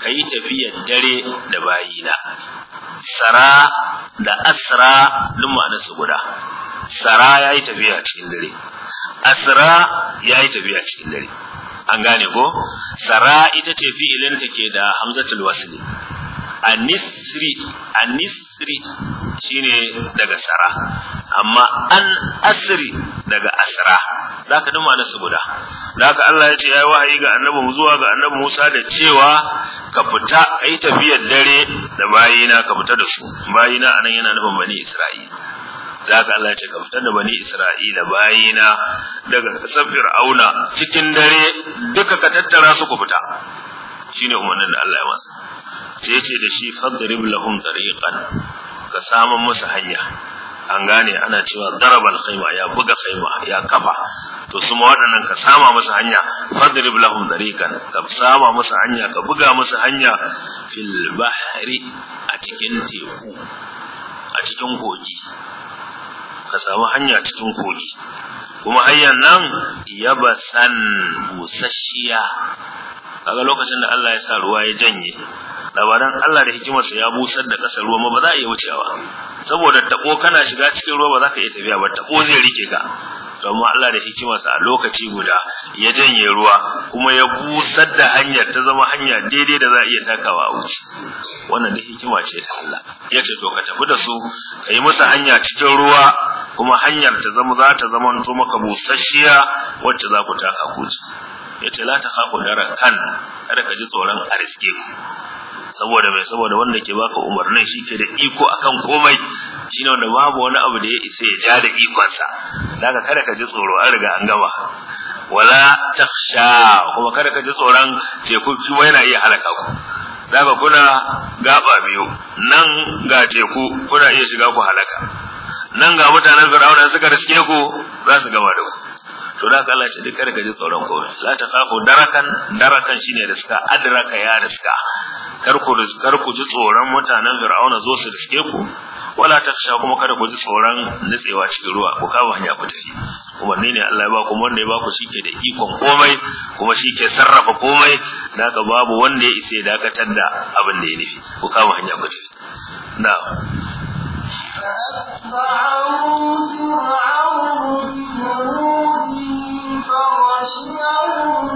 kai tafiyar dare da bayina sara da asra duk su guda sara ya yi tafiya cikin dare asra ya yi tafiya cikin dare an gane ko sara ita ce fi'ilin ta ke da hamzatul wasli anisri anisri shine daga sara amma an asri daga asra zaka duma na su guda zaka Allah ya ce yayi wahayi ga annabi zuwa ga annabi Musa da cewa ka fita ai tafiyar dare da bayina ka fita da su bayina anan yana nufin bani Isra'ila da haka Allah ya ce ka fitar da bani Isra'ila bayina daga kasar Fir'auna cikin dare duka ka tattara su ku fita shine umarnin da Allah ya masa sai ya ce da shi fadrib lahum tariqan ka samu musu hanya an gane ana cewa darabal khayma ya buga khayma ya kafa to su ma waɗannan ka sama musu hanya fadrib lahum tariqan ka sama musu hanya ka buga musu hanya fil bahri a cikin teku a cikin kogi ka samu hanya cikin kogi kuma hanyar nan yabasan busasshiya kaga lokacin da Allah ya sa ruwa ya janye labaran Allah da hikimarsa ya busar da ƙasar ruwa ma ba za a iya wucewa saboda tako kana shiga cikin ruwa ba za ka iya tafiya ba tako zai rike ka don Allah da hikimarsa a lokaci guda ya janye ruwa kuma ya busar da hanyar ta zama hanya daidai da za a iya takawa a wuce wannan da hikima ce ta Allah ya ce to ka tafi da su ka yi masa hanya cikin ruwa kuma hanyar ta zama za ta zama maka busasshiya wacce za ku taka ku ya ce la ta khafu daran kan kada ka ji tsoron a riske ku saboda mai saboda wanda ke baka umarnin shi ke da iko akan komai shine wanda babu wani abu da ya isa ya ja da ikonsa daga kada ka ji tsoro an riga an gama wala takhsha kuma kada ka ji tsoron teku kuma yana iya halaka ku daga kuna gaba biyu nan ga teku kuna iya shiga ku halaka nan ga mutanen Fir'auna suka riske ku za su gama da ku to da Allah ce duk kada ka ji tsoron komai la ta kafu darakan darakan shine riska adraka ya riska kar ku kar ku ji tsoron mutanen fir'auna zo su riske ku wala taksha kuma kada ku ji tsoron nutsewa cikin ruwa ku kawo hanya ku tafi ni ne Allah ya ba ku wanda ya ba ku shike da ikon komai kuma shike sarrafa komai da ka babu wanda ya isa da dakatar da abin da ya nufi ku kawo hanya ku tafi na'am فأتبعه فرعون بجنود Allah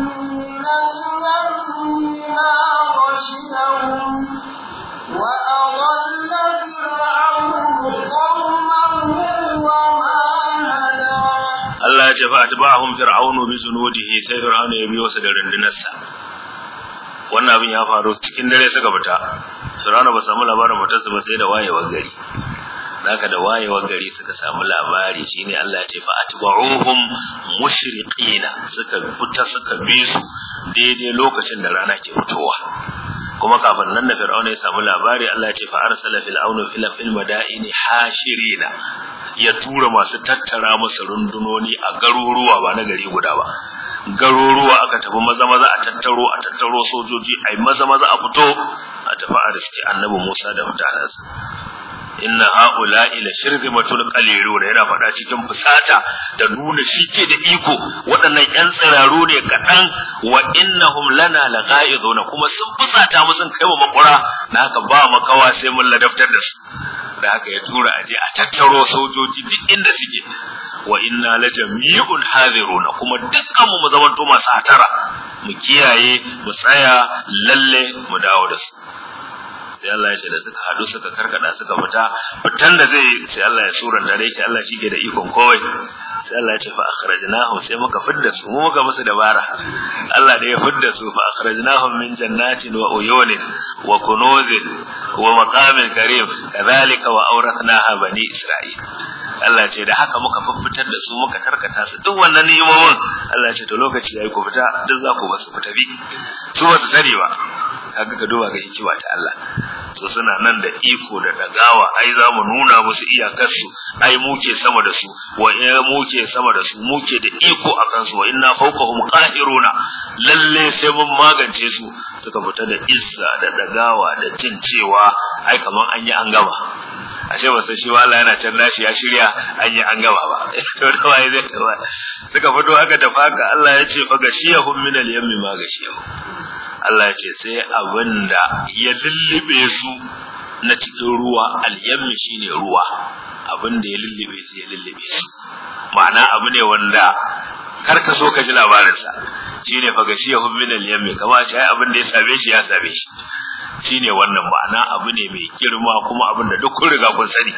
ya ce atba'ahum fir'aunu bi zunudihi sai fir'auna ya biyo su da rundunarsa wannan abin ya faru cikin dare suka fita fir'auna ba samu labarin matarsa ba sai da wayewar gari zaka da wayewar gari suka samu labari shine Allah ya ce fa atba'uhum mushriqina suka fita suka bi su daidai lokacin da rana ke fitowa kuma kafin nan da fir'auna ya samu labari Allah ya ce fa arsala fil aunu fil fil madaini hashirina ya tura masu tattara masa rundunoni a garuruwa ba na gari guda ba garuruwa aka tafi maza maza a tattaro a tattaro sojoji ai maza maza a fito a tafi a annabi Musa da mutanansa inna haula ila shirzimatul qaliluna yana faɗa cikin fusata da nuna shi ke da iko waɗannan ƴan tsiraru ne kaɗan wa innahum lana laqa'iduna kuma sun fusata mu sun kai wa makura na haka ba makawa sai mun ladaftar da su da haka ya tura aje a tattaro sojoji duk inda suke wa inna la jami'un hadiruna kuma dukkan mu mu zamanto masu hatara mu kiyaye mu tsaya lalle mu dawo da su sai Allah ya ce da suka hadu suka karkada suka fita fitan da zai sai Allah ya suran da yake Allah shi ke da ikon kowai sai Allah ya ce fa akhrajnahum sai muka fidda su mu muka musu dabara Allah da ya fidda su fa akhrajnahum min jannatin wa uyunin wa kunuzin wa maqamin karim kadhalika wa awrathnaha bani isra'il Allah ce da haka muka fiffitar da su muka tarkata su duk wannan ni'imomin Allah ce to lokaci yayi ku fita duk za ku ba su fita bi su ba su sani ba kaga ka duba ga hikima ta Allah so suna nan da iko da dagawa ai za mu nuna musu iyakar su ai muke sama da su wa eh, muke sama da su muke da iko a kansu wa inna fawqahum qahiruna lalle sai mun magance su suka fita da izza da dagawa da jin cewa ai kaman an yi an gaba. ashe ba sai shi ba Allah yana can lashi ya shirya an yi an gaba ba to da waye zai tawa suka fito aka tafi haka Allah ya ce fa hum min al-yammi ma gashiyahum Allah ya ce sai abinda ya lullube su na cikin ruwa al-yammi shine ruwa abinda ya lullube su ya lullube su ma'ana abu ne wanda kar ka so ka ji labarinsa shine fa hum min al-yammi kamar a abin da ya same shi ya same shi shine wannan ma'ana abu ne mai girma kuma abin da duk kun riga kun sani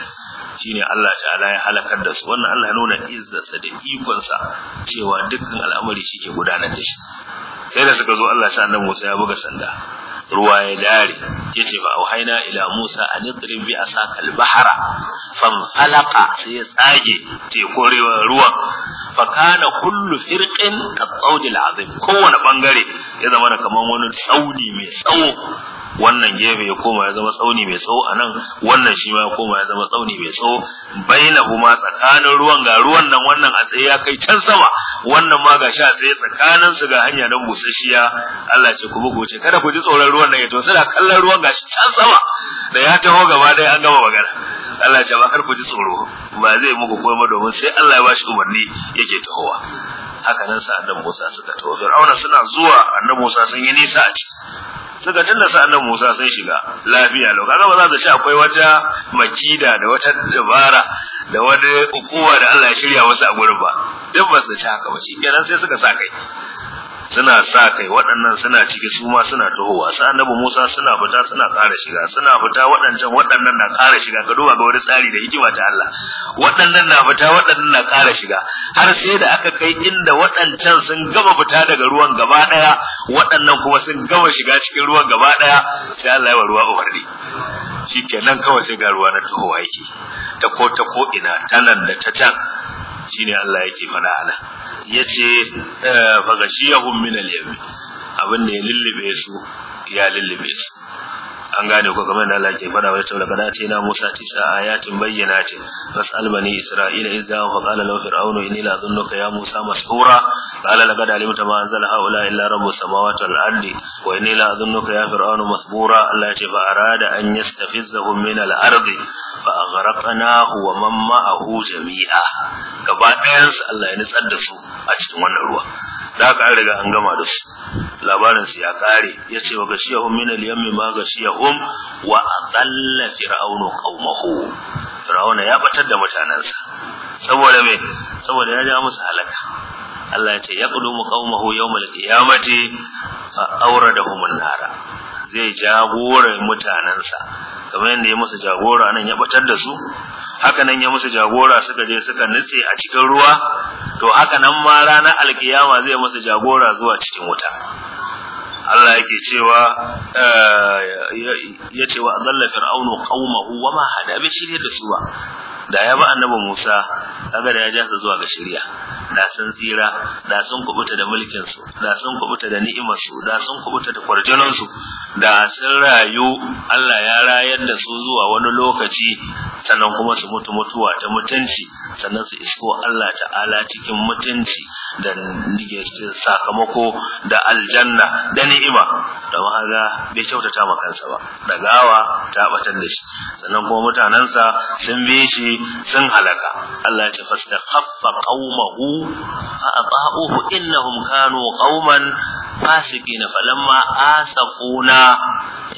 shine Allah ta'ala ya halakar da su wannan Allah ya nuna izzarsa da ikonsa cewa dukkan al'amari shi ke gudanar da shi sai da suka zo Allah sai annabi Musa ya buga sanda ruwa ya dare yace fa auhayna ila Musa an idrib bi asaka al-bahra fanfalaqa sai ya tsage korewa ruwa fa kana kullu firqin ka tsawdil azim kowane bangare ya zama kaman wani tsauni mai tsawo wannan gefe ya koma ya zama tsauni mai tsawo a nan wannan shi ma ya koma ya zama tsauni mai tsawo kuma tsakanin ruwan ga ruwan nan wannan a tsaye ya kai can sama wannan ma ga sha tsaye tsakanin su ga hanya nan busasshiya Allah ce ku bugu ce kada ku ji tsoron ruwan nan ya to suna kallon ruwan gashi can sama da ya taho gaba dai an gama magana Allah ce ba kar ku ji tsoro ba zai muku komai domin sai Allah ya bashi umarni yake tahowa haka nan sa annabi Musa suka tawo Fir'auna suna zuwa annabi Musa sun yi nisa a ciki suka sa annabi Musa sun shiga lafiya lau kaga ba za ta ce akwai wata makida da wata dabara da wani ukuwa da Allah ya shirya wasu a gurin ba duk ba su ci haka ba shi kenan sai suka sa kai suna sa kai waɗannan suna ciki su ma suna tohowa su annabi Musa suna fita suna ƙara shiga suna fita waɗancan waɗannan na ƙara shiga ga duba ga wani tsari da hikima ta Allah waɗannan na fita waɗannan na ƙara shiga har sai da aka kai inda waɗancan sun gaba fita daga ruwan gaba ɗaya waɗannan kuma sun gaba shiga cikin ruwan gaba ɗaya sai Allah ya wa ruwa umarni shikenan kawai sai ga ruwa na tohowa yake ta ko ta ko ina ta nan da ta can shine Allah yake fada ana yace eh, fagashiyahum min al abin da ya lullube su ya lullube su an gane ko kamar da Allah ke fada wa ta laqad na Musa tisa ayatin bayyinatin fas'al Albani, Isra'ila idza fa qala law fir'aun inni la dhunnuka ya Musa mashura qala laqad alimta ma anzala haula illa rabbus samawati wal ardi wa inni la dhunnuka ya Allah ya ce fa arada an yastafizzahum min al ardi fa aghraqnahu wa man ma'ahu jami'a gaba ɗayan su Allah ya nutsar da su a cikin wannan ruwa da aka an riga an gama da su labarin su ya kare yace wa gashiyahum min al yamm ma gashiyahum wa adalla fir'aunu qaumahu fir'auna ya batar da mutanansa saboda me saboda ya ja musu halaka Allah ya ce ya yaqdumu qaumahu yawmal qiyamati fa awradahum an-nara zai jagora mutanensa, kamar yadda ya musu jagora nan ya batar da su haka nan ya musu jagora suka je suka nutse a cikin ruwa to haka nan ma ranar alkiyama zai musu jagora zuwa cikin wuta Allah yake cewa eh, ya ce wa fir'aunu qaumahu wama hada bi shirye da su ba da ya ba annabi Musa kaga da ya ja su zuwa ga shari'a da sun tsira da sun kubuta da mulkin su da sun kubuta da ni'imar su da sun kubuta da kwarjanan su da sun rayu Allah ya rayar da su zuwa wani lokaci sannan kuma su mutu mutuwa ta mutunci sannan su isko Allah ta'ala cikin mutunci da sakamako da aljanna da ni'ima da mahaga bai kyautata ma kansa ba Da gawa ta batar da shi sannan kuma mutanansa sun bi shi sun halaka Allah ya ce khaffa qaumahu fa ata'uhu innahum kanu qauman فاسقين فلما آسفونا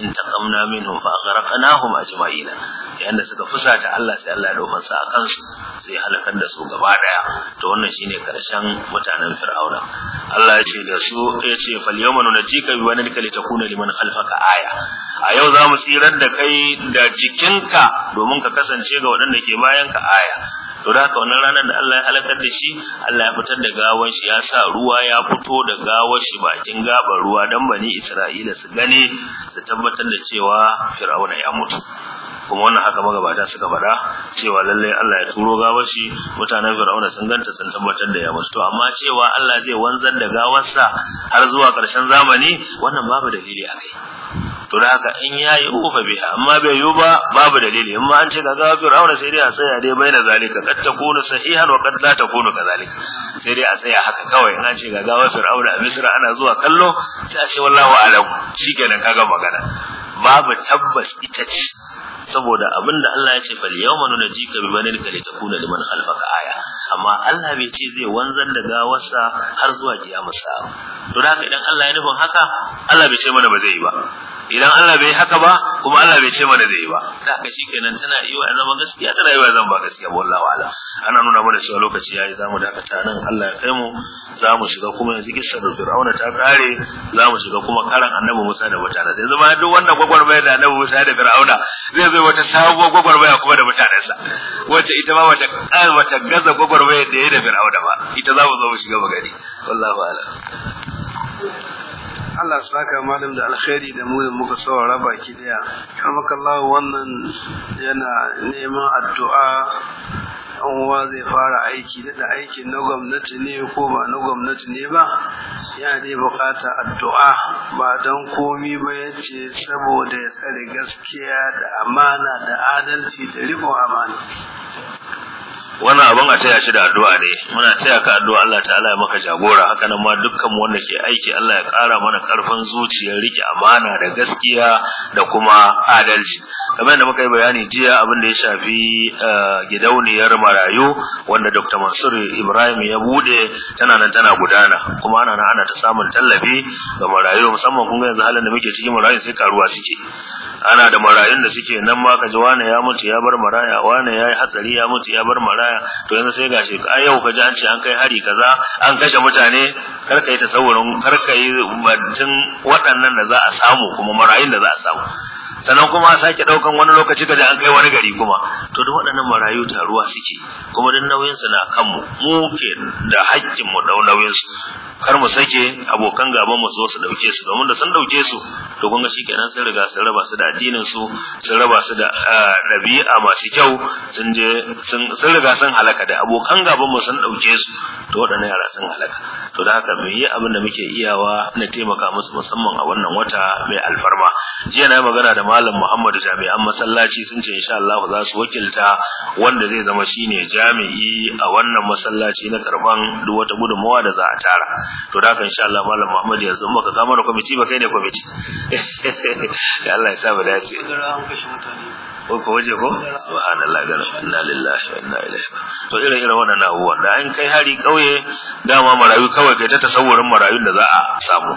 انتقمنا منهم فأغرقناهم أجمعين لأن سكا فساة الله سي الله لو من ساقنس سي da دسو gaba ɗaya. تو wannan shine karshen mutanen Fir'auna Allah ya ce da su ya ce fal yawma nunjika bi wananika litakuna liman khalfaka aya a yau za mu tsirar da kai da jikinka domin ka kasance ga waɗanda ke bayan ka aya to da haka wannan ranar da Allah ya halakar da shi Allah ya fitar da gawan shi ya sa ruwa ya fito da gawar shi bakin gabar ruwa dan bani Isra'ila su gane su tabbatar da cewa Fir'auna ya mutu kuma wannan haka magabata suka faɗa cewa lalle Allah ya turo gawar shi mutanen Fir'auna sun ganta sun tabbatar da ya musu to amma cewa Allah zai wanzar da gawarsa har zuwa ƙarshen zamani wannan babu dalili kai to da haka in yayi ufa biha amma bai yi ba babu dalili amma an ce ga gawar Fir'auna sai dai a tsaya dai bai na zalika kad takunu sahihan wa kad la takunu kadhalika sai dai a tsaya haka kawai in an ce ga gawar Fir'auna a Misra ana zuwa kallo sai a ce wallahu alam shikenan kaga magana babu tabbas ita ce saboda abinda Allah ya ce fal yawma nunjika bi manaka li takuna liman khalfaka aya amma Allah bai ce zai wanzar da gawarsa har zuwa kiyama sa'a to haka idan Allah ya nufin haka Allah bai ce mana ba zai yi ba idan Allah bai haka ba kuma Allah bai ce mana zai yi ba da haka kenan, tana yi wa zama gaskiya tana yi wa zan ba gaskiya ba wallahi wala ana nuna mana cewa lokaci yayi zamu dakata nan Allah ya kai mu zamu shiga kuma yanzu da Fir'auna ta kare zamu shiga kuma karan Annabi Musa da mutanen yanzu ma duk wannan gwagwarmaya da Annabi Musa da Fir'auna zai zo wata sabuwar gwagwarmaya kuma da mutanen sa. wacce ita ma wata wata eh, gaza gwagwarmaya da yayi da Fir'auna ba ita za mu zo mu shiga magani wallahi ala Allah ya saka malam da alkhairi da mu muka saurara baki daya karmakallahu wannan yana neman addu'a uwa zai fara aiki da aikin na gwamnati ne ko ba na gwamnati ne ba ya ne bukata addu'a ba don komi ba ya ce saboda ya tsare gaskiya da amana da adalci da rikon amana wannan abin a taya shi da addu'a ne muna taya ka addu'a Allah ta'ala ya maka jagora haka nan ma dukkan wanda ke aiki Allah ya ƙara mana ƙarfin zuciyar rike amana da gaskiya da kuma adalci kamar yadda muka yi bayani jiya abin da ya shafi eh, gidauniyar marayu wanda Dr. Mansur Ibrahim ya bude tana nan tana gudana kuma ana nan ana ta samun tallafi ga marayu musamman kun ga yanzu halin da muke cikin marayu sai karuwa suke ana da marayun da suke nan ma ka ji wane ya mutu ya bar maraya wane ya yi hatsari ya mutu ya bar maraya to yanzu sai gashi a yau ka ji an ce an kai hari kaza an kashe mutane kar ka yi tasawurin kar ka yi batun waɗannan da za a samu kuma marayun da za a samu sannan kuma a sake ɗaukan wani lokaci ka ji an kai wani gari kuma to duk waɗannan marayu taruwa suke kuma duk nauyinsu na kanmu mu ke da haƙƙin mu da nauyin kar mu sake abokan gaban mu zo su dauke su domin da sun dauke su to kun ga shikenan sun riga sun raba su da addinin su sun raba su da dabi'a masu kyau sun je sun riga sun halaka da abokan gaban mu sun dauke su to wadannan yara sun halaka to da haka mu yi abin da muke iyawa na taimaka musu musamman a wannan wata mai alfarma jiya na magana da malam Muhammadu jami'an masallaci sun ce insha Allah za su wakilta wanda zai zama shine jami'i a wannan masallaci na karban duk wata gudunmawa da za a tara to da haka insha Allah mallam Muhammad ya zo maka ga mana kwamiti ba kai ne kwamiti ya Allah ya saba da ce ko ko waje ko subhanallahi gara inna lillahi wa inna ilaihi to irin irin wannan abubuwan da an kai hari kauye dama marayu kawai kai ta tasawurin marayun da za a samu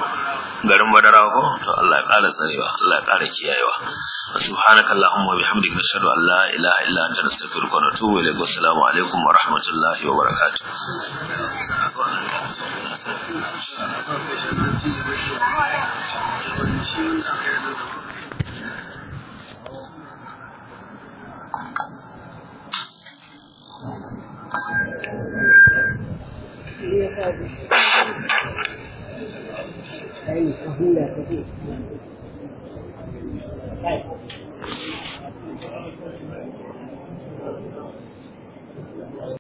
garin madara ko to Allah ya ƙara tsarewa Allah ya ƙara kiyayewa subhanaka allahumma wa bihamdika nashhadu an la ilaha illa anta nastaghfiruka wa natubu ilayk assalamu alaikum wa rahmatullahi wa barakatuh Thank you. العلم فهم لا يستطيعون طيب